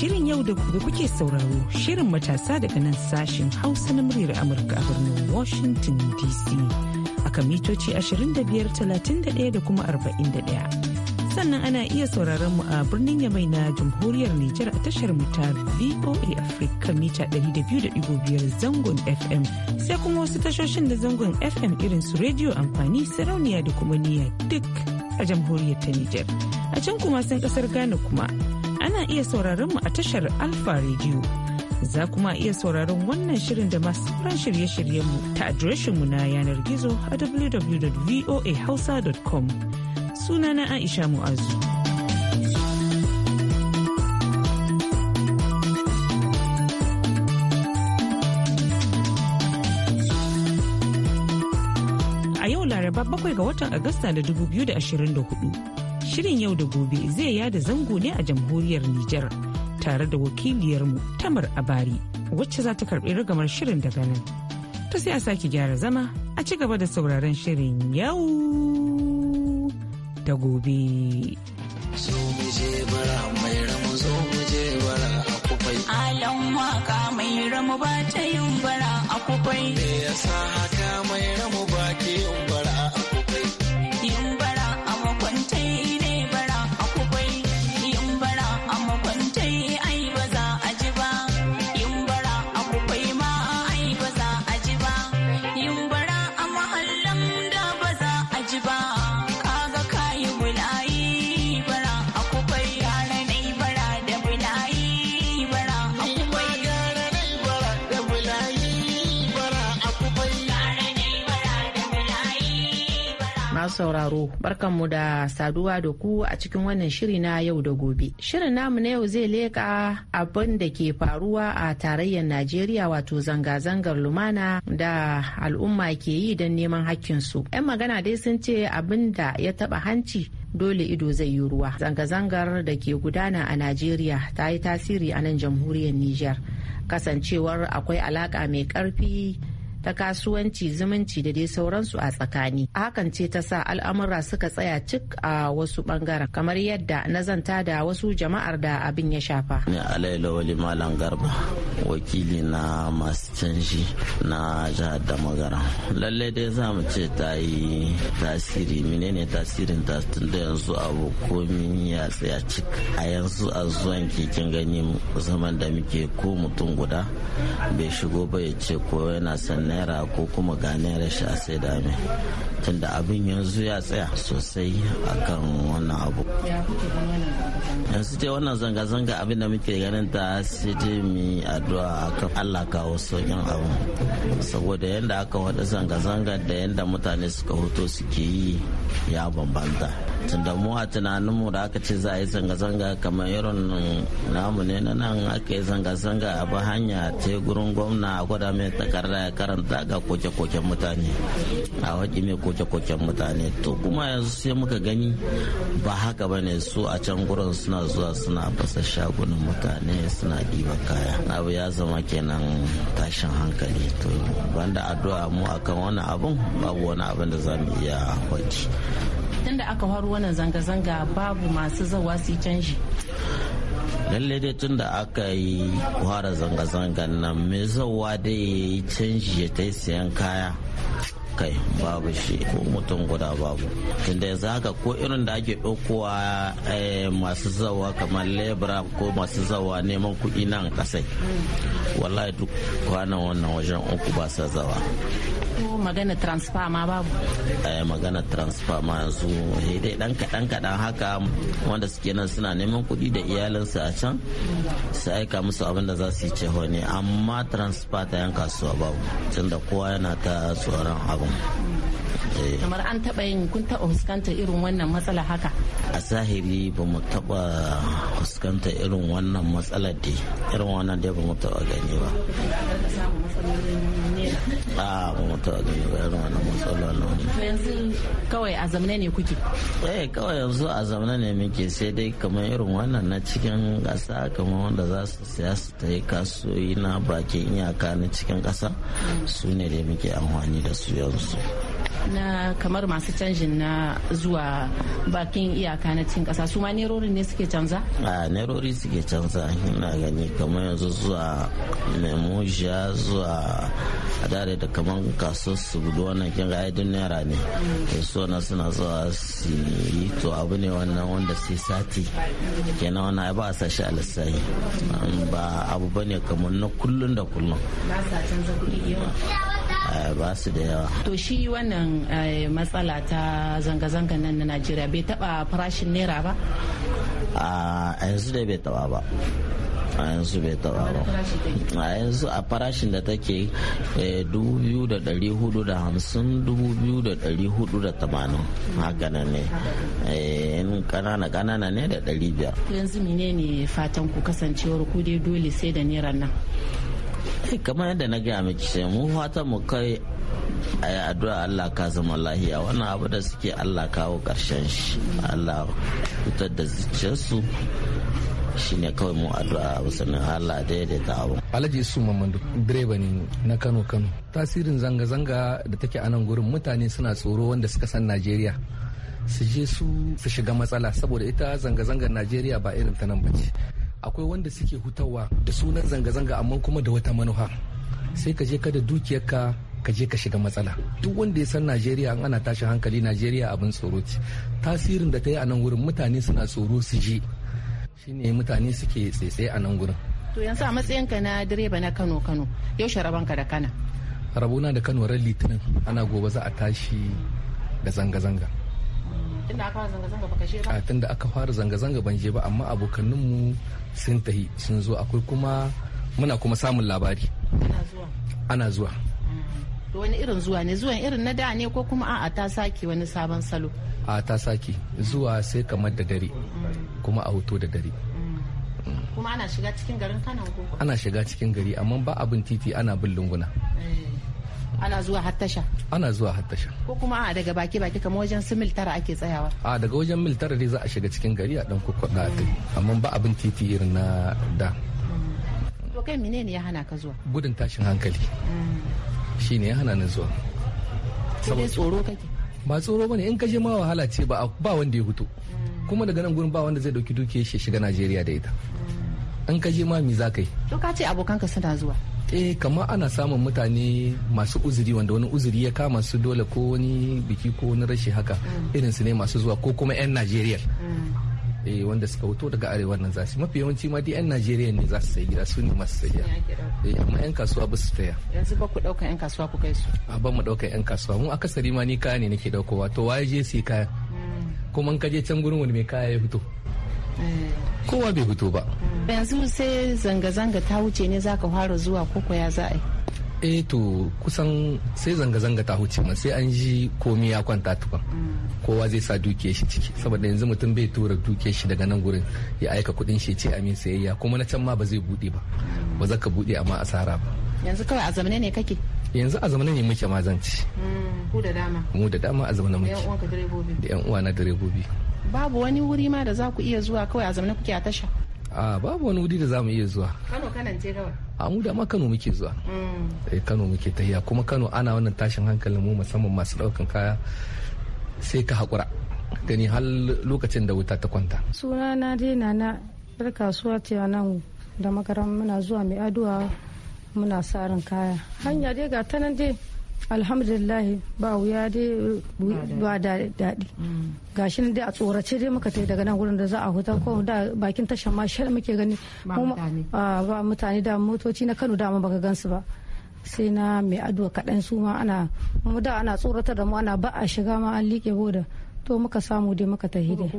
Shirin yau da gobe kuke sauraro shirin matasa daga nan sashen Hausa na muryar Amurka a birnin Washington DC akan mitoci 25,31 da kuma 41. Sannan ana iya sauraron mu a birnin Yamai na Jamhuriyar Nijar a tashar ta VOA Africa mita 200.5 zangon FM sai kuma wasu tashoshin da zangon FM irin su rediyo amfani sarauniya da kuma niya duk a Jamhuriyar ta Nijar. A can kuma sun kasar Ghana kuma ana iya sauraron mu a tashar Alfa Radio. Za kuma iya sauraron wannan shirin da masu sauran shirye-shiryenmu ta mu na yanar gizo a www.voahausa.com. na Aisha Mu'azu. a yau laraba bakwai ga watan agusta da 2024 Shirin yau da gobe zai yada zango ne a jamhuriyar Nijar tare da wakiliyarmu Tamar Abari wacce za ta karbi rigamar shirin daga nan. ta sai a sake gyara zama a ci gaba da sauraron shirin yau da gobe. Zo mai ramu mai ramu ba ta yin bara a kufai. Me yasa haka mai ramu masu sauraro barkanmu da saduwa da ku a cikin wannan shiri na yau da gobe. Shirin namu na yau zai leƙa abin da ke faruwa a tarayyar Najeriya wato zanga-zangar lumana da al'umma ke yi don neman hakkinsu. 'Yan magana dai sun ce abin da ya taɓa hanci dole ido zai yi ruwa. Zanga-zangar da ke gudana a Najeriya ta yi tasiri a nan jamhuriyar Nijar. Kasancewar akwai alaƙa mai karfi ta kasuwanci zumunci da dai sauransu a tsakani a hakan ce ta sa al'amura suka tsaya cik a wasu bangaren kamar yadda na zanta da wasu jama'ar da abin ya shafa ni alaila wali malam garba wakili na masu canji na jihar damagara lallai dai za mu ce ta yi tasiri menene tasirin ta da yanzu abu komi ya tsaya cik a yanzu a zuwan kekin gani zaman da muke ko mutum guda bai shigo ba ya ce ko yana sannan naira ko kuma ga naira shi a sai da mai tunda abin yanzu ya tsaya sosai kan wannan abu yanzu ce wannan zanga-zanga abin da muke ganin ta sai dai mu addu'a kan Allah kawo sauƙin abu saboda yadda aka wada zanga-zanga da yadda mutane suka hoto suke yi ya bambanta tunda mu a tunaninmu da aka ce za a yi zanga-zanga kamar irin namu ne na nan aka yi zanga-zanga a ba hanya ta gurin gwamna a gwada mai takarda ya kara an daga koke-koken mutane a waƙi mai koke-koken mutane to kuma yanzu sai muka gani ba haka ba ne su a can gurin suna zuwa suna fasa shagunan mutane suna ɗiba kaya abu ya zama kenan tashin hankali to banda addu'a mu akan wani abun babu wani abin da za mu iya waje tunda aka faru wannan zanga-zanga babu masu zawa su canji lallai dai tun da aka yi fara zanga-zangan nan mai zauwa dai ya yi canji ya ta siyan kaya kai babu shi ko mutum guda babu tunda yanzu haka ko irin da ake ɗaukowa eh, masu zawa kamar lebra ko masu zawa neman kuɗi nan kasai wallahi duk kwanan wannan wajen uku ba sa zawa ko magana transfer ma babu eh magana transfer ma yanzu dai dan kadan kadan haka wanda suke nan suna neman kuɗi da iyalinsu a can su aika musu abin da za su yi ceho ne amma transfer ta yan kasuwa babu tunda kowa yana ta tsoron abin eh. kamar an taɓa yin kun taɓa fuskantar irin wannan matsala haka a zahiri ba mu taɓa fuskantar irin wannan matsalar dai irin wannan dai ba mu taɓa gani ba a ta ga yi bayan wani matsala na wani. yanzu kawai a zamne ne kuke eh kawai yanzu a zamne ne muke sai dai kamar irin wannan na cikin ƙasa kamar wanda za su siya su ta yi kasuwoyi na bakin iyaka na cikin ƙasa su ne dai muke amfani da su yanzu na kamar masu canjin na zuwa bakin iyaka na cikin kasa su ma nerori ne suke canza? a nerori suke canza ina gani kamar yanzu zuwa memoja zuwa adare da kamar kasuwar su gudu wannan kin ga aidin naira ne so na suna zuwa su yi to abu ne wannan wanda sai sati kenan wannan ba a sashi a lissahi ba abu bane kamar na kullun da kullun eh, ba su da yawa. To shi wannan eh, matsala ta zanga-zanga nan na Najeriya bai taba farashin naira ba? Ah, a yanzu da bai taba ba. a yanzu bai taba ba a yanzu a farashin da take 2,450 eh, haka nan ne eh, in kanana kanana ne da 500 yanzu ne fatan ku kasancewar ku dai dole sai da naira nan eh, kamar yadda na gaya miki sai mu fatan mu kai a yi addu'a Allah ka zama lahiya wannan abu da suke Allah kawo karshen shi Allah fitar da zuciyarsu shine kawai mu addu'a a nan Allah ta abu Alhaji Isu Mamadu direba ne na Kano Kano tasirin zanga-zanga da take a nan gurin mutane suna tsoro wanda suka san Najeriya su je su su shiga matsala saboda ita zanga-zangar Najeriya ba irin ta nan ba ce akwai wanda suke hutawa da sunan zanga-zanga amma kuma da wata manufa sai ka je ka da dukiyarka ka je ka shiga matsala duk wanda ya san najeriya an ana tashin hankali najeriya abin tsoro ce tasirin da ta yi a nan wurin mutane suna tsoro su je shine mutane suke tsaitsaye a nan gurin to yanzu a matsayinka na direba na kano kano yaushe rabanka da kana rabona da kano ran litinin ana gobe za a tashi da zanga-zanga tunda aka fara zanga-zanga baka je ba tunda aka fara zanga-zanga ban je ba amma mu sun tahi sun zo akwai kuma muna kuma samun labari ana zuwa mm. wani irin zuwa ne zuwan irin na da ne ko kuma a'a ta sake wani sabon salo a ta saki zuwa sai kamar da dare kuma a hoto da dare kuma ana shiga cikin garin kano ana shiga cikin gari amma ba abin titi ana bin lunguna eh, ana zuwa hattasha ana zuwa hattasha ko kuma a daga baki baki kamar wajen su mil tara ake tsayawa a daga wajen mil tara dai za a shiga cikin gari a dan kukkuɗa a kai amma ba abin titi irin na da to kai ne ya hana ka zuwa gudun tashin hankali mm. shine ya hana ni zuwa sai tsoro kake ba tsoro bane in ka je ma wahala ce ba ba wanda ya hutu kuma daga nan gurin ba wanda zai dauki dukiyar shi shiga Najeriya da ita in ka ma mi za kai to ka ce ka suna zuwa eh kamar ana samun mutane masu uzuri wanda wani uzuri ya kama su dole ko wani biki ko wani rashi haka mm. irin su ne masu zuwa ko kuma 'yan najeriya mm. eh wanda suka hoto daga arewa nan za su mafi yawanci ma yan najeriya ne za su sayi gida su ne masu sayi eh amma yan kasuwa ba su saya yanzu ba ku ɗauka yan kasuwa ku kai su a ba mu ɗauka yan kasuwa mu akasari ma ni kaya ne nake ɗaukowa to waye je sai kaya hmm. kuma in ka je can gurin wani mai kaya ya fito eh. kowa bai fito ba hmm. yanzu sai zanga-zanga ta wuce ne zaka fara zuwa koko ya za a yi eh to kusan sai zanga-zanga ta huce ma sai an ji komi ya kwanta tukun kowa zai sa duke shi ciki saboda yanzu mutum bai tura duke shi daga nan gurin ya aika kudin shi ce amin sayayya kuma na can ma ba zai bude ba ba za ka bude amma asara ba yanzu kawai a zamane ne kake yanzu a zamane ne muke ma zan ci mm, ku da dama mu da dama a zamane muke da yan uwa na direbobi babu wani wuri ma da za ku iya zuwa kawai a zamane kuke a tasha a babu wani wuri da za mu iya zuwa kano kanan ce kawai a mu da ma Kano muke zuwa eh, Kano muke tahiya kuma Kano ana wannan tashin hankalin mu musamman masu daukan kaya sai ka hakura gani har lokacin da wuta ta kwanta suna na dai na na yar kasuwa ce nan da makaran muna zuwa mai aduwa muna sa kaya hanya dai ga ta nan dai alhamdulillah ba wuya dai ba da daɗi mm. gashi nan dai a tsorace dai muka tafi daga nan wurin da za a huta ko da bakin tashar ma shar muke gani ba mutane da motoci na kano dama baka gansu ba sai na mai addu'a kaɗan su ma ana mu da ana tsoratar da mu ana ba a shiga ma an liƙe boda to muka samu dai muka tahi dai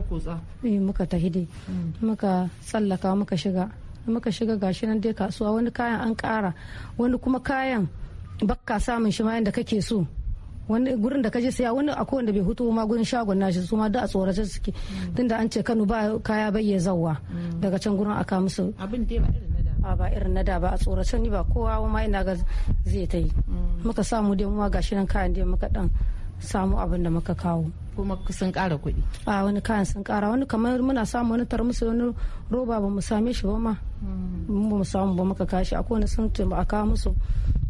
eh, muka tafi dai mm. muka tsallaka muka shiga muka shiga gashi nan dai kasuwa wani kayan an ƙara wani kuma kayan bakka samun shi ma yadda kake so wani gurin da kaje saya wani akwai wanda bai hutu ma gurin shagon nashi su ma da a tsorace suke tunda an ce Kano ba kaya bayya zawa daga can gurin aka musu abin dai ba irin na da ba irin na da ba a tsorace ni ba kowa ma ina ga zai ta yi mm. muka samu dai mu gashi nan kayan dai muka dan samu abin da muka kawo kuma sun kara kuɗi a wani kayan sun kara wani kamar muna samu wani tar musu wani roba ba mu same shi ba ma mm. ba mu samu ba muka kashi akwai wani sun ba a kawo musu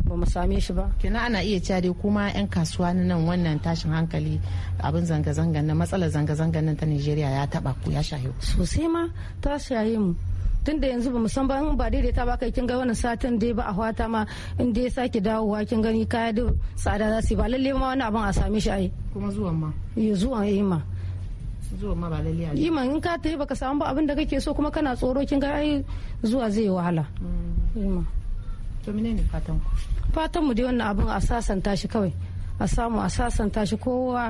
ba mu same shi ba kina ana iya cewa dai kuma yan kasuwa na nan wannan tashin hankali abin zanga zanga na matsalar zanga zanga nan ta Nigeria ya taba ku ya shahe sosai ma ta shahe mu tun da yanzu bamu san ba ba daidai ba kai kin ga wannan satin dai ba a hwata ma in dai sake dawowa kin gani kaya da tsada za su ba lalle ma wani abin a same shi ai kuma zuwan ma ya zuwan ai ma zuwan ma ba lalle yi ma in ka yi baka samu ba abin da kake so kuma kana tsoro kin ga ai zuwa zai wahala mm. to ne fatan ku fatan mu dai wannan abin a sasanta shi kawai a samu a sasanta shi kowa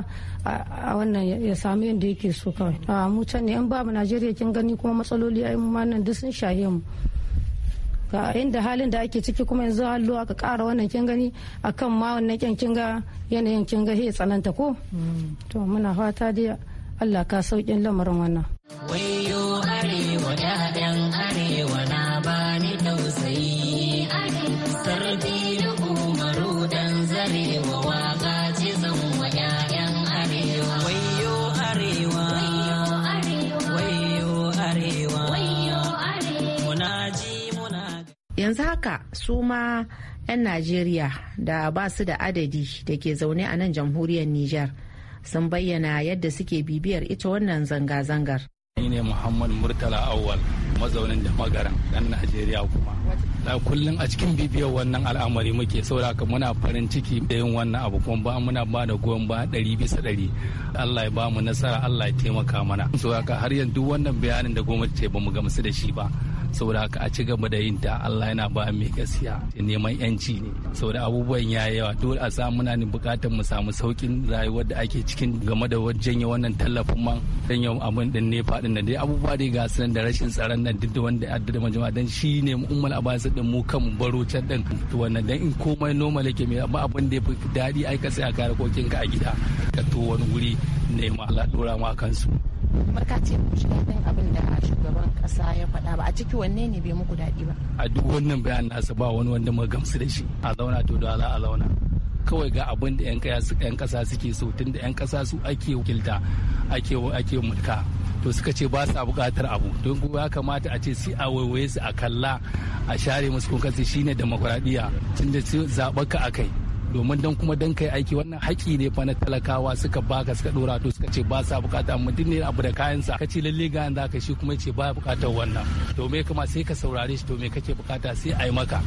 a wannan ya samu yadda yake so kawai a mu can ne ba babu najeriya kin gani kuma matsaloli a ma nan duk sun shahe mu ga inda halin da ake ciki kuma yanzu hallo aka kara wannan kin gani akan ma wannan kyan kin ga yanayin kin ga tsananta ko mm. to muna fata dai Allah ka saukin lamarin wannan wayo arewa su ma 'yan najeriya da ba su da adadi da ke zaune a nan jamhuriyar niger sun bayyana yadda suke bibiyar ita wannan zanga-zangar ni ne muhammad murtala awal mazaunin da magaran dan najeriya kuma da kullum a cikin bibiyar wannan al'amari muke saboda muna farin ciki da yin wannan abu kuma ba muna ba da goyon ba ɗari bisa ɗari allah ya ba mu nasara allah ya taimaka mana saboda har yanzu wannan bayanin da gwamnati ce ba mu gamsu da shi ba saboda haka a ci gaba da yin ta Allah yana ba mai gaskiya neman yanci ne saboda abubuwan ya yawa dole a samu muna bukatar mu samu saukin rayuwar da ake cikin game da janye wannan tallafin man janye abin din ne fadin da dai abubuwa dai ga sanan da rashin tsaron nan duk wanda ya da majama'a dan shi ne ummal abasa din mu kan baro can din to wannan dan in komai normal yake mai amma abin da ya fi daɗi ai ka a kare kokin ka a gida ka to wani wuri nema Allah dora ma kansu kuma ka ce ku shiga daɗin abin da shugaban ƙasa ya faɗa ba a ciki wanne ne bai muku daɗi ba a duk wannan bayan nasa ba wani wanda mu gamsu da shi a zauna to da a zauna kawai ga abin da 'yan kasa suke so tun da 'yan kasa su ake wakilta ake mulka to suka ce ba sa buƙatar abu don kuma ya kamata a ce si a waiwaye su a kalla a share musu kun kansu shine demokuraɗiyya tun da zaɓaka a kai domin don kuma don kai aiki wannan haƙi ne fa na talakawa suka baka suka dora to suka ce ba sa bukata duk ne abu da kayansa kace lalle ga yanzu ka shi kuma ce ba bukatar wannan to me kuma sai ka saurare shi to me kake bukata sai a yi maka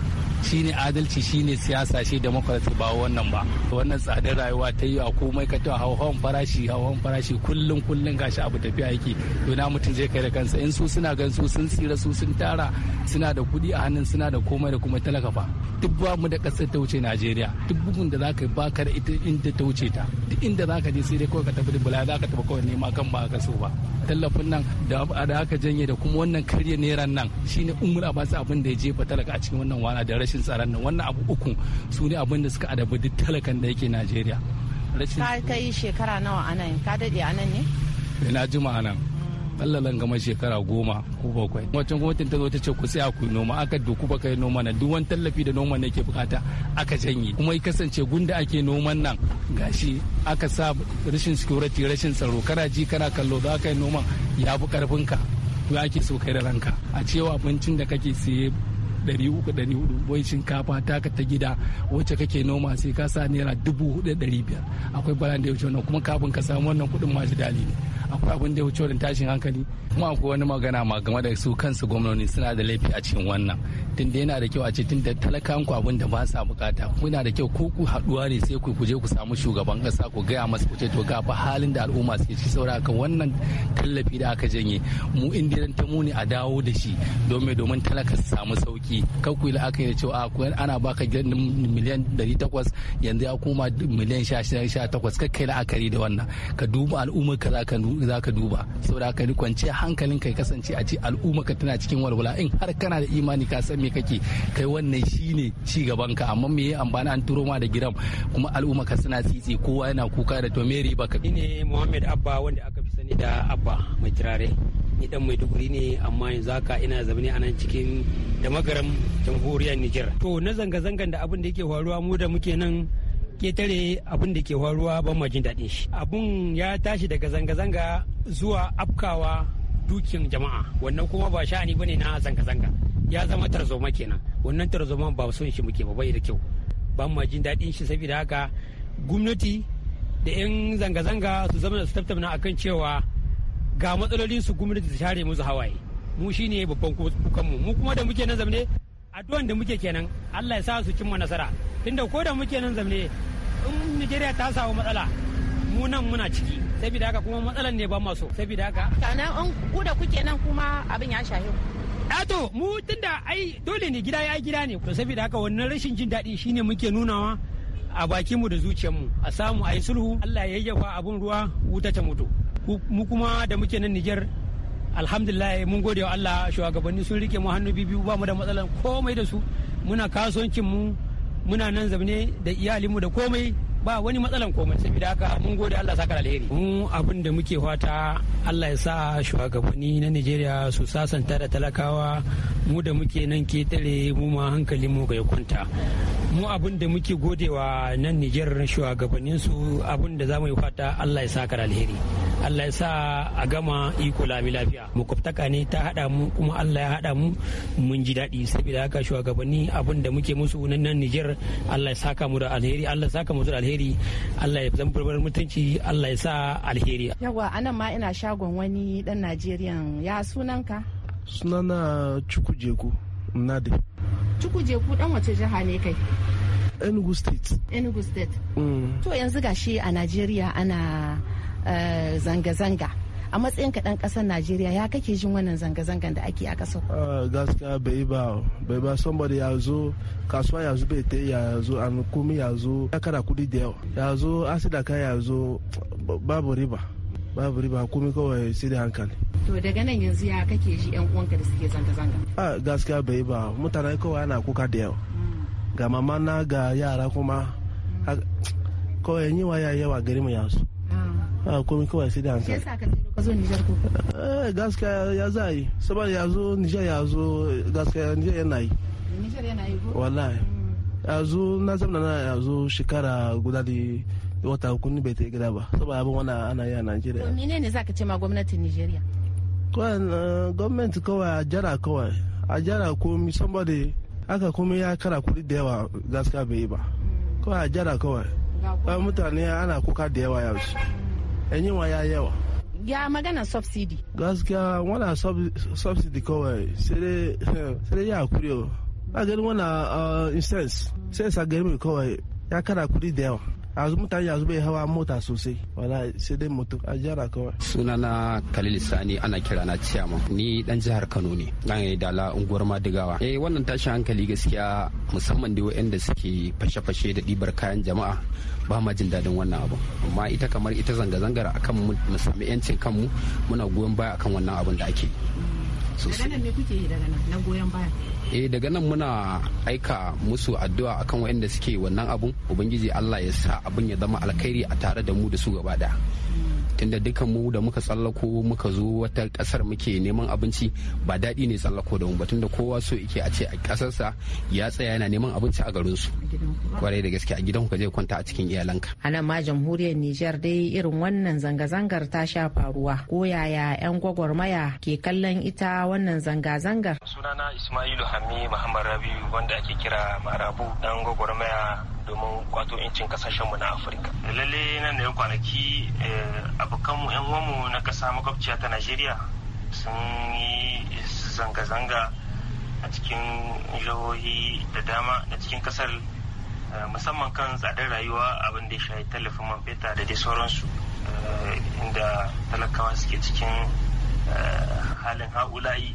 shine adalci shine siyasa shi democracy ba wannan ba wannan tsadar rayuwa ta yi a komai ka ta hauhawan farashi hauhawan farashi kullum kullum gashi abu tafiya yake to na mutum zai kai da kansa in su suna gan su sun tsira su sun tara suna da kuɗi a hannun suna da komai da kuma talaka fa duk ba mu da ƙasar ta wuce Najeriya duk abubuwan da zaka ka bakar ita inda ta wuce ta duk inda zaka je sai dai kawai ka tafi bala zaka tafi kawai nema kan ba ka so ba tallafin nan da aka janye da kuma wannan karya neran nan shine a abbas abin da ya jefa talaka a cikin wannan wana da rashin tsaron nan wannan abu uku su ne abin da suka adabi duk talakan da yake najeriya ka kai shekara nawa anan ka dade anan ne na jima anan kallalan gama shekara goma ko bakwai wancan gwamnatin ta zo ta ce ku tsaya ku noma aka doku ba kai noma na duk wani tallafi da noma ne ke bukata aka janye kuma ya kasance gunda ake noman nan gashi aka sa rashin security rashin tsaro kana ji kana kallo za ka yi noman ya fi karfinka ya ake so kai da ranka a cewa abincin da kake siye 300 400 wai shinkafa taka ta gida wacce kake noma sai ka sa naira biyar akwai balan da ya wuce wannan kuma kafin ka samu wannan kuɗin ma dali ne akwai abin da ya wuce wannan tashin hankali kuma akwai wani magana ma game da su kansu gwamnoni suna da laifi a cikin wannan tunda yana da kyau a ce tunda talakan ku abin da ba sa bukata kuna da kyau ko ku haɗuwa ne sai ku je ku samu shugaban kasa ku gaya masa ku ce to ga fa halin da al'umma suke ci saboda haka wannan tallafi da aka janye mu indiran ta mu ne a dawo da shi domin domin talaka su samu sauki arziki kan ku yi la'akari da cewa ana baka miliyan 800 yanzu ya koma miliyan 18 kai la'akari da wannan ka duba al'ummar ka za ka duba saboda haka ni kwanciya hankalin kai kasance a ci al'ummar ka tana cikin walwala in har kana da imani ka san me kake kai wannan shine ci gaban ka amma me amfani an turo ma da giram kuma al'ummar ka suna tsitsi kowa yana kuka da to me riba ka ne Muhammad Abba wanda aka fi sani da Abba mai kirare ni dan maiduguri ne amma yanzu haka ina zaune a nan cikin da jamhuriyar niger to na zanga-zangan da abin da yake faruwa mu da muke nan ketare abin da ke faruwa ban ma jin daɗin shi abun ya tashi daga zanga-zanga zuwa afkawa dukin jama'a wannan kuma ba sha'ani bane na zanga-zanga ya zama tarzoma kenan wannan tarzoma ba son shi muke ba bai da kyau ban ma jin daɗin shi saboda haka gwamnati da 'yan zanga-zanga su zama da su tattauna akan cewa ga matsalolin su gwamnati ta share musu hawaye mu shine babban kukan mu mu kuma da muke nan zamne addu'an da muke kenan Allah ya sa su cimma nasara tunda ko da muke nan zamne in Nigeria ta samu matsala mu nan muna ciki saboda haka kuma matsalan ne ba ma so saboda haka kana an ku da kuke nan kuma abin ya shahe eh to mu tunda ai dole ne gida ya gida ne to saboda haka wannan rashin jin daɗi shine muke nunawa a bakinmu da zuciyarmu a samu a yi sulhu Allah ya yayyafa abun ruwa wuta ta mutu mu kuma da muke nan Nijar alhamdulillah mun gode wa Allah shugabanni sun rike mu hannu biyu ba mu da matsalan komai da su muna kasuwancin mu muna nan zaune da iyalinmu da komai ba wani matsalan komai saboda haka mun gode Allah saka alheri mu abin da muke fata Allah ya sa shugabanni na Nigeria su sasanta da talakawa mu da muke nan ke tare mu ma hankali mu ya kwanta mu abin da muke godewa nan Nijar shugabannin su abin da za mu yi fata Allah ya saka alheri Allah ya sa a gama iko lami lafiya makwabtaka ne ta haɗa mu kuma Allah ya haɗa mu mun ji daɗi saboda haka shugabanni abin da muke musu nan nan Niger Allah ya saka mu da alheri Allah ya saka mu da alheri Allah ya zama barbar mutunci Allah ya sa alheri yawa anan ma ina shagon wani dan Najeriya ya sunanka sunana Chukwujeku Nnadi Chukwujeku dan wace jiha ne kai Enugu State Enugu State mm. to yanzu gashi a Najeriya ana Eh, zanga-zanga a matsayin kaɗan ƙasar najeriya ya kake jin wannan zanga-zangan da ake a ƙasar ah, gaskiya bai ba bai ba somebody ya zo kasuwa ya zo bai ta ya zo an komi ya zo ya kara kuɗi da yawa ya zo asida ya zo babu riba babu riba komi kawai sai da hankali to daga nan yanzu ya kake ji yan uwanka da suke zanga-zanga a ah, gaskiya bai ba mutane kawai ana kuka da yawa ga mama na ga yara kuma mm. kawai yi wa yawa gari mu yanzu a komai kawai sai da hankali eh, gaskiya ya za yi saboda ya zo nijar ya zo gaskiya nijar yana yi wallahi ya zo na zamana na ya zo shekara guda da wata hukun bai ta gida ba saboda abin wani ana yi a Nigeria. to ne za ka ce ma gwamnatin nigeria eh, gwamnati kawai a jara kawai a jara komi saboda aka komi ya kara kuɗi da yawa gaskiya bai yi ba mm. kawai a jara kawai mutane ana kuka da yawa yau yan yawa ya yawa ya magana subsidy gaskiya wana subsidy kawai sai dai ya kure a gani wana uh, instance sai sa gari mai kawai ya kara kudi da yawa yanzu mutane yanzu bai hawa mota sosai wala sai dai moto a jara kawai sunana khalil sani ana kira na ciyama ni dan jihar kano ne dan yi dala unguwar madigawa eh wannan tashin hankali gaskiya musamman da wa'anda suke fashe-fashe da ɗibar kayan jama'a ba ma jin dadin wannan abu amma ita kamar ita zanga-zangar akan mu sami 'yancin kanmu muna goyon baya akan wannan abun da ake eh daga nan muna aika musu addu'a akan waɗanda suke wannan abun ubangiji Allah ya sa abin ya zama alkhairi a tare da mu da su gaba daya hmm. tunda dukan mu da muka tsallako muka zo wata kasar muke neman abinci ba daɗi ne tsallako da mu ba tunda kowa so yake a ce a kasarsa ya tsaya yana neman abinci a garin su kwarai da gaske a gidan ka zai kwanta a cikin iyalanka a nan ma jamhuriyar Nijar dai irin wannan zanga-zangar ta sha faruwa ko yaya yan gwagwarmaya ke kallon ita wannan zanga-zangar sunana Ismailu Hammi Muhammad Rabiu wanda ake kira Marabu dan gwagwarmaya domin kwato 'yancin kasashenmu na afirka lalle nan da kwanaki eh, abokanmu 'yan uwanmu na kasa makwabciya ta najeriya sun yi zanga-zanga a cikin jihohi da dama da cikin kasar eh, musamman kan tsadar rayuwa abin da ya shayi tallafin man feta da dai sauransu eh, inda talakawa suke cikin halin ha'ula'i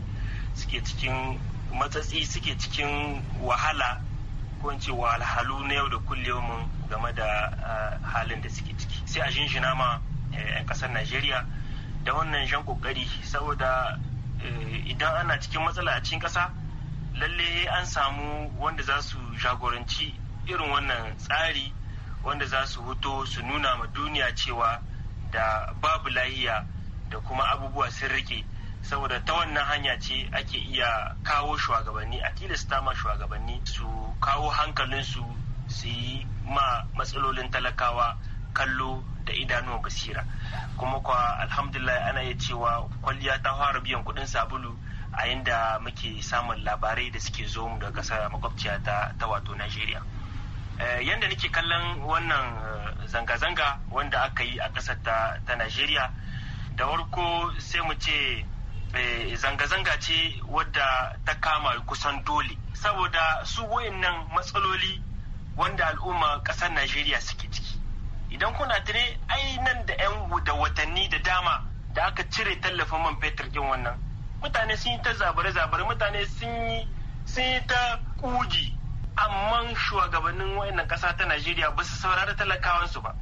suke cikin matsatsi suke cikin wahala ko in ce na yau da kullum game da eh, halin da suke ciki sai a jinjina ma 'yan eh, kasar najeriya da wannan jan kokari saboda eh, idan ana cikin matsala a cikin kasa lalle an samu wanda za su jagoranci irin wannan tsari wanda za su huto su nuna ma duniya cewa da babu lahiya da kuma abubuwa sun rike saboda ta wannan hanya ce ake iya kawo shugabanni a tilasta ma shugabanni su kawo hankalinsu su yi ma matsalolin talakawa kallo da idanuwa basira kuma kwa alhamdulillah ana iya cewa kwalliya ta fara biyan kudin sabulu a inda muke samun labarai da suke zo mu daga kasar makwabciya ta wato Najeriya. Eh, Yadda nake kallon wannan eh, zanga-zanga wanda aka yi a ƙasar ta Najeriya da warko sai mu ce Eh, zanga-zanga ce wadda ta kama kusan dole saboda su wayannan matsaloli wanda al'umma ƙasar najeriya suke ciki idan kuna tare ai nan da 'yan da watanni da dama da aka cire tallafin man fetur din wannan mutane sun yi ta zabare-zabare mutane sun yi ta kugi amma shugabannin wayannan ƙasa ta najeriya ba su saurari talakawansu ba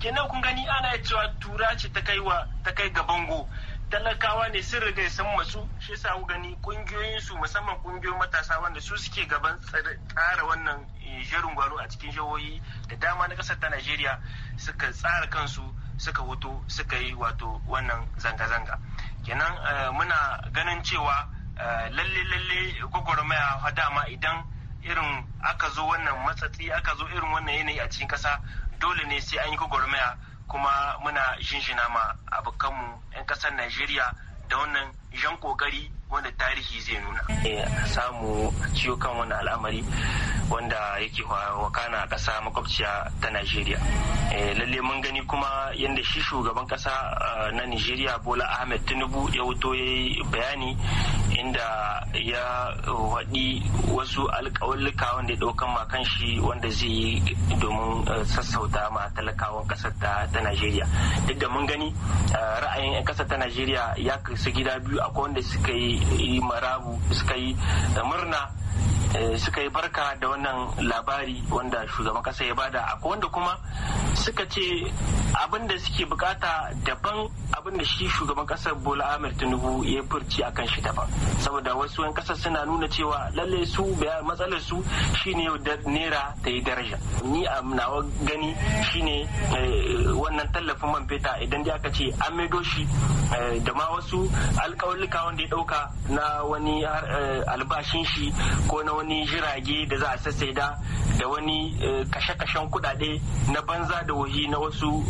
kenan kun gani ana cewa tura ce ta kai wa ta kai ga bango talakawa ne sun riga san masu shi sa gani kungiyoyin musamman kungiyoyin matasa wanda su suke gaban tsara wannan eh, jerin gwaro a cikin jihohi da dama na kasar ta Najeriya suka tsara kansu suka wuto suka yi wato wannan zanga-zanga kenan eh, muna ganin cewa eh, lalle lalle gwagwarmaya dama idan irin aka zo wannan matsatsi aka zo irin wannan yanayi a cikin kasa dole ne sai an yi gwagwarmaya kuma muna jinjina ma abokanmu 'yan ƙasar najeriya da wannan jan ƙoƙari wanda tarihi zai nuna eh, samu ciwo kan wani al'amari wanda yake wakana a ƙasa makwabciya ta najeriya eh, lalle mun gani kuma yadda shi shugaban ƙasa eh, na najeriya bola ahmed tinubu ya wuto ya yi bayani inda ya waɗi wasu alƙawallika wanda ya ɗaukan ma kan shi wanda zai yi domin sassauta ma talakawan ƙasar ta najeriya duk da mun gani ra'ayin 'yan ƙasar ta najeriya ya kasu gida biyu akwai wanda suka yi marabu suka yi da murna Eh, suka yi barka da wannan labari wanda shugaban kasa ya bada a wanda kuma suka ce abin da suke bukata daban abin da shi shugaban kasar bola ahmed tinubu ya furci kan shi daban saboda wasu yan kasar suna nuna cewa lalle su matsalar su shine nera ta yi daraja ni a nawa gani shine eh, wannan tallafin man feta idan dai aka ce an maido shi eh, da ma wasu alkawalluka wanda ya dauka na wani albashin shi ko na wani jirage da za a sassaida da wani eh, kashe-kashen kudade na banza da wahi na wasu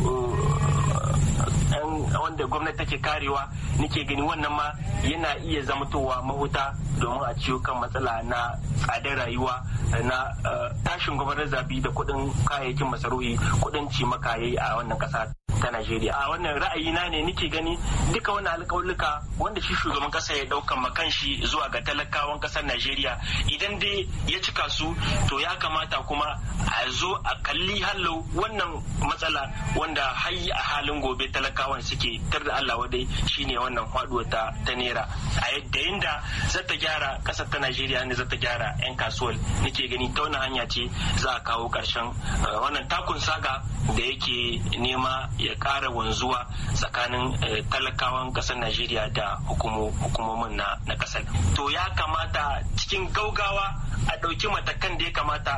eh, wanda gwamnati take karewa nake gani wannan ma yana iya zamtowa mahuta domin a ciwo kan matsala na tsadar rayuwa na eh, tashin gwamnati zabi da kudin kayayyakin masarufi kudin cimaka yayi a wannan kasa ta Najeriya. A wannan ra'ayi na ne nake gani duka wannan alƙawuka wanda shi shugaban kasa ya ɗaukan makan shi zuwa ga talakawan kasar Najeriya idan dai ya cika su to ya kamata kuma a zo a kalli hallo wannan matsala wanda har a halin gobe talakawan suke tar da Allah wadai shine wannan faduwa ta ta naira a yadda inda za ta gyara ƙasar ta Najeriya ne za ta gyara 'yan kasuwar nake gani ta wannan hanya ce za a kawo ƙarshen eh, wannan takun saga da yake nema ya ya ƙara wanzuwa tsakanin eh, talakawan kasar Najeriya da hukumomin na kasar To ya kamata cikin gaugawa a ɗauki matakan da ya kamata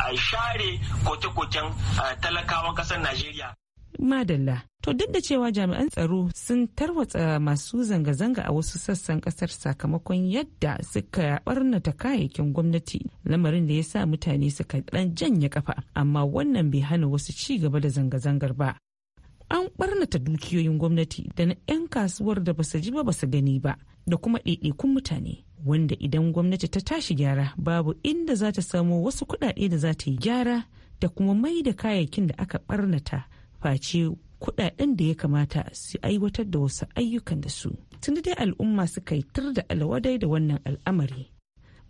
a share koke-koken eh, talakawan kasar Najeriya. Madalla. To duk da cewa jami'an tsaro sun tarwatsa masu zanga-zanga a wasu sassan kasar sakamakon yadda suka barnata kayayyakin gwamnati lamarin da ya sa mutane suka ɗan janye kafa amma wannan bai hana wasu ci gaba da zanga-zangar ba. an barnata dukiyoyin gwamnati da na 'yan kasuwar da basu ji ba basu gani ba da kuma ɗaiɗaikun mutane wanda idan gwamnati ta tashi gyara babu inda za ta samo wasu kuɗaɗe da za ta yi gyara da kuma mai da kayayyakin da aka barnata face kuɗaɗen da ya kamata su aiwatar da wasu ayyukan da su tunda dai al'umma suka yi tur da alwadai da wannan al'amari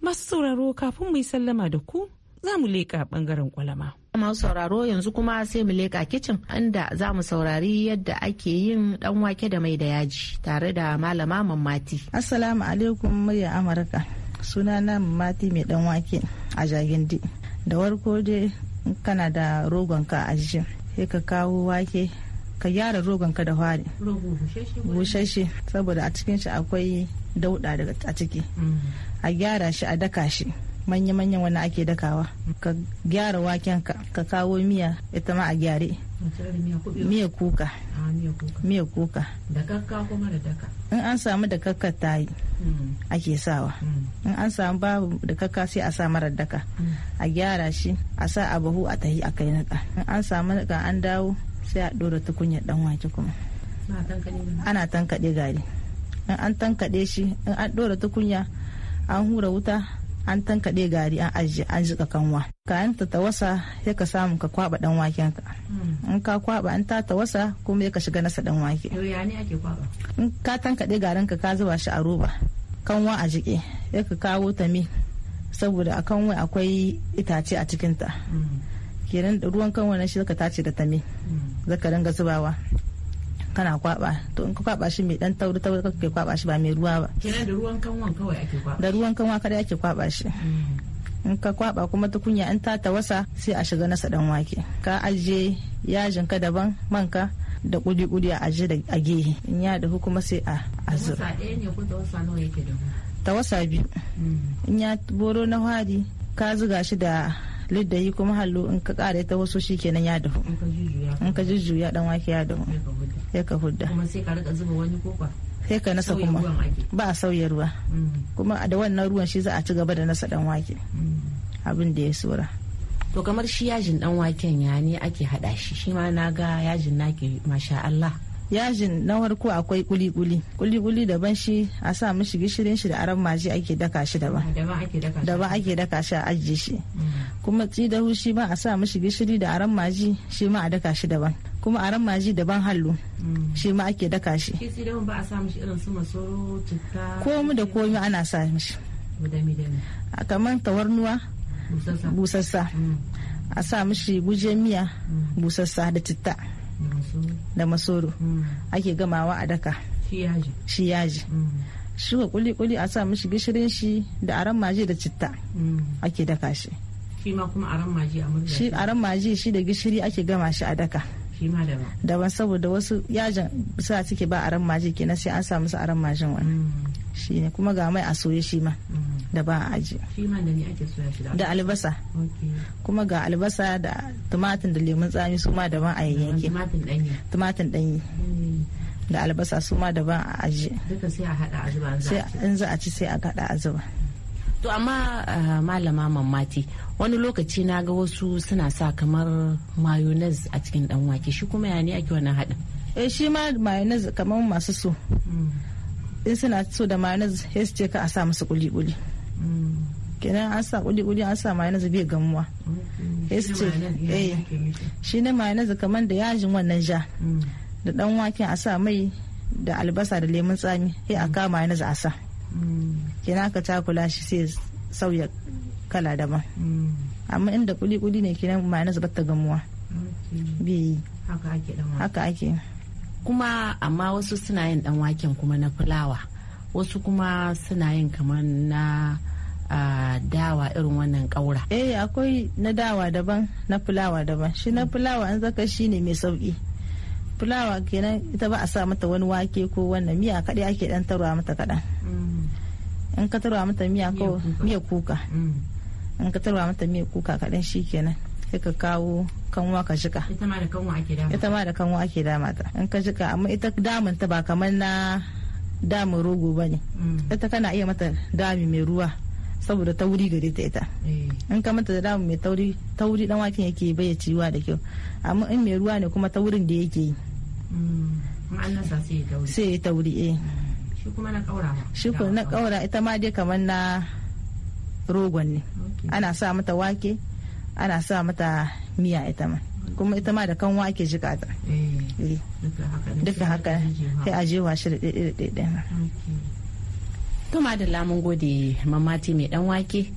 masu sauraro kafin mu yi sallama da ku za mu leƙa ɓangaren kwalama. masu sauraro yanzu kuma sai mu leka kicin inda za mu saurari yadda ake yin dan wake da mai da yaji tare da malama mammati assalamu alaikum murya amurka suna sunana mammati mai dan wake a jagindi da warko dai kana da rogonka a jijin sai ka kawo wake ka gyara rogonka da fari bushashe saboda a cikin shi akwai dauda a ciki mm. a gyara shi a daka shi manya-manyan wani ake dakawa ka gyara waken ka ka kawo miya ita ma a gyare ah, miya kuka miya kuka da kakka kuma da daka in an samu da kakka ta yi hmm. ake sawa hmm. in an samu babu da kakka sai a sa mara daka hmm. a gyara shi a sa a bahu a tahi a kai naka in an samu ga an dawo sai a ɗora tukunyar dan wake kuma ana tankade gari in an tankade shi in an ɗora tukunya an hura wuta an tankaɗe gari an aji an jika kanwa kayan ta tawasa ya ka samu ka kwaba dan waken ka hmm. in ka kwaba an ta tawasa kuma ya ka shiga nasa dan wake in ka tankaɗe garin ka ka zuba shi a roba kanwa a jike ya ka kawo ta mi saboda a kanwa akwai itace a cikinta hmm. kenan ruwan kanwa na shi ka tace da ta mi hmm. zaka dinga zubawa kana kwaba to in ka kwaba shi mai dan tauri tauri kake kwaba shi ba mai ruwa ba kenan da ruwan kanwan kawai ake kwaba da ruwan kanwa kada ake kwaba shi mm. in ka kwaba kuma tukunya in ta tawasa sai a shiga nasa dan wake ka ajiye yajin ka daban manka da kudi-kudi a ajiye a gehe in ya dahu kuma sai a Ta wasa biyu mm. in ya boro na hari ka zuga shi da lidda yi kuma hallo in ka kara ita wasu shi kenan ya dafu in ka jujjuya dan wake ya dafu ya ka hudda kuma sai ka rika zuba wani kofa sai ka nasa kuma ba a sauya ruwa mm. kuma da wannan ruwan shi za a ci gaba da nasa dan wake mm. abin da ya sura to kamar shi yajin dan waken ya ne ake hada shi shi ma na ga yajin naki masha Allah yajin na farko akwai kuli-kuli kuli-kuli daban shi a sa mishi gishirin shi da aran maji ake daka shi daban daban ake daka shi a ajiye shi kuma tsidahu shi ba a sa mishi gishiri da aran maji shi ma a daka shi daban kuma aran maji daban hallu shi ma ake daka shi ba a sa mishi irin su komi da komi ana sa mishi kamar tawarnuwa busassa mm. a sa mishi guje miya mm. busassa da citta da masoro hmm. ake gamawa a daka shi yaji hmm. shuka kuli-kuli a sa mishi gishirin shi da aran maji da citta hmm. ake daka shi shi ma kuma aran maji a shi shi da gishiri ake gama shi a daka daban saboda wasu yajin su suke ba aran maji kenan sai an sa musu aran majin wani shi ne kuma ga mai a soye shi ma da ba a aji da albasa kuma ga albasa da tumatin da lemun tsami su ma daban a yayyanke tumatin danyi mm. da albasa su ma daban a aji sai in za a ci sai a hada a zuba to amma ah, malama mamati wani lokaci na ga wasu suna sa kamar mayonnaise a cikin dan wake shi kuma ya ne ake wannan haɗin eh shi ma mayonnaise kamar masu so mm. in suna so da mayonnaise sai ce ka a sa musu kuli-kuli kenan an sa kuli kuli an sa mayonnaise bai gamuwa este eh shi ne mayonnaise kamar da yajin wannan ja mm. da dan waken a sa mai da albasa da lemun tsami sai a mm. kama mayonnaise a sa mm. kenan aka takula shi sai sauya kala daban amma inda kuli kuli ne kenan mayonnaise ba ta gamuwa bai haka ake kuma amma wasu suna yin dan waken kuma na fulawa wasu kuma suna yin kamar na dawa irin wannan ƙaura. eh akwai na dawa daban na fulawa daban shi na fulawa an zaka shi ne mai sauki fulawa kenan ita ba a sa mata wani wake ko wannan miya kaɗai ake ɗan tarwa mata kaɗan mm. in ka tarwa mata miya ko miya kuka mm. in ka tarwa mata miya kuka kaɗan shi kenan sai ka kawo kanwa ka jika ita ma da kanwa ake dama ta in ka jika amma ita damun ta ba kamar na damin rogo ba ne mm. ita kana iya mata dami mai ruwa saboda tauri gare ta ita eh. in ka mata da dami mai tauri tauri dan waken yake bai ciwa da kyau amma in mai ruwa ne kuma taurin da yake yi mm. sai ya tauri eh mm. shi kuma na kaura shi kuma na kaura ita ma dai kamar na rogon ne ana sa mata wake ana sa mata miya ita ma kuma ita ma da kanwa ake jika ta eh, eh. duka haka sai a jewa shi da ɗaiɗaiɗaiɗai to ma da lamun gode mamati mai dan wake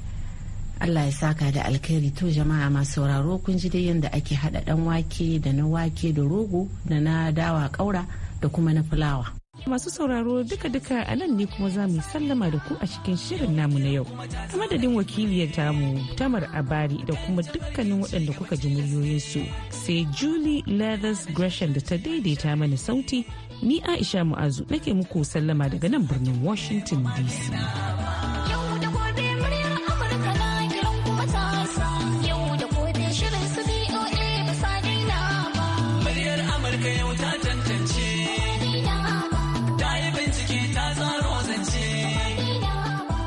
Allah ya saka da alkhairi to jama'a masu sauraro kun ji dai yadda ake hada dan wake da na wake da rogo da na dawa kaura da kuma na fulawa Masu sauraro duka-duka a nan ne kuma za mu sallama da ku a cikin shirin namu na yau. A madadin wakiliyar tamu Tamar Abari da kuma dukkanin waɗanda kuka ji muryoyinsu sai Julie Leathers Gresham da ta daidaita mana sauti ni Aisha Mu'azu nake muku sallama daga nan birnin Washington DC.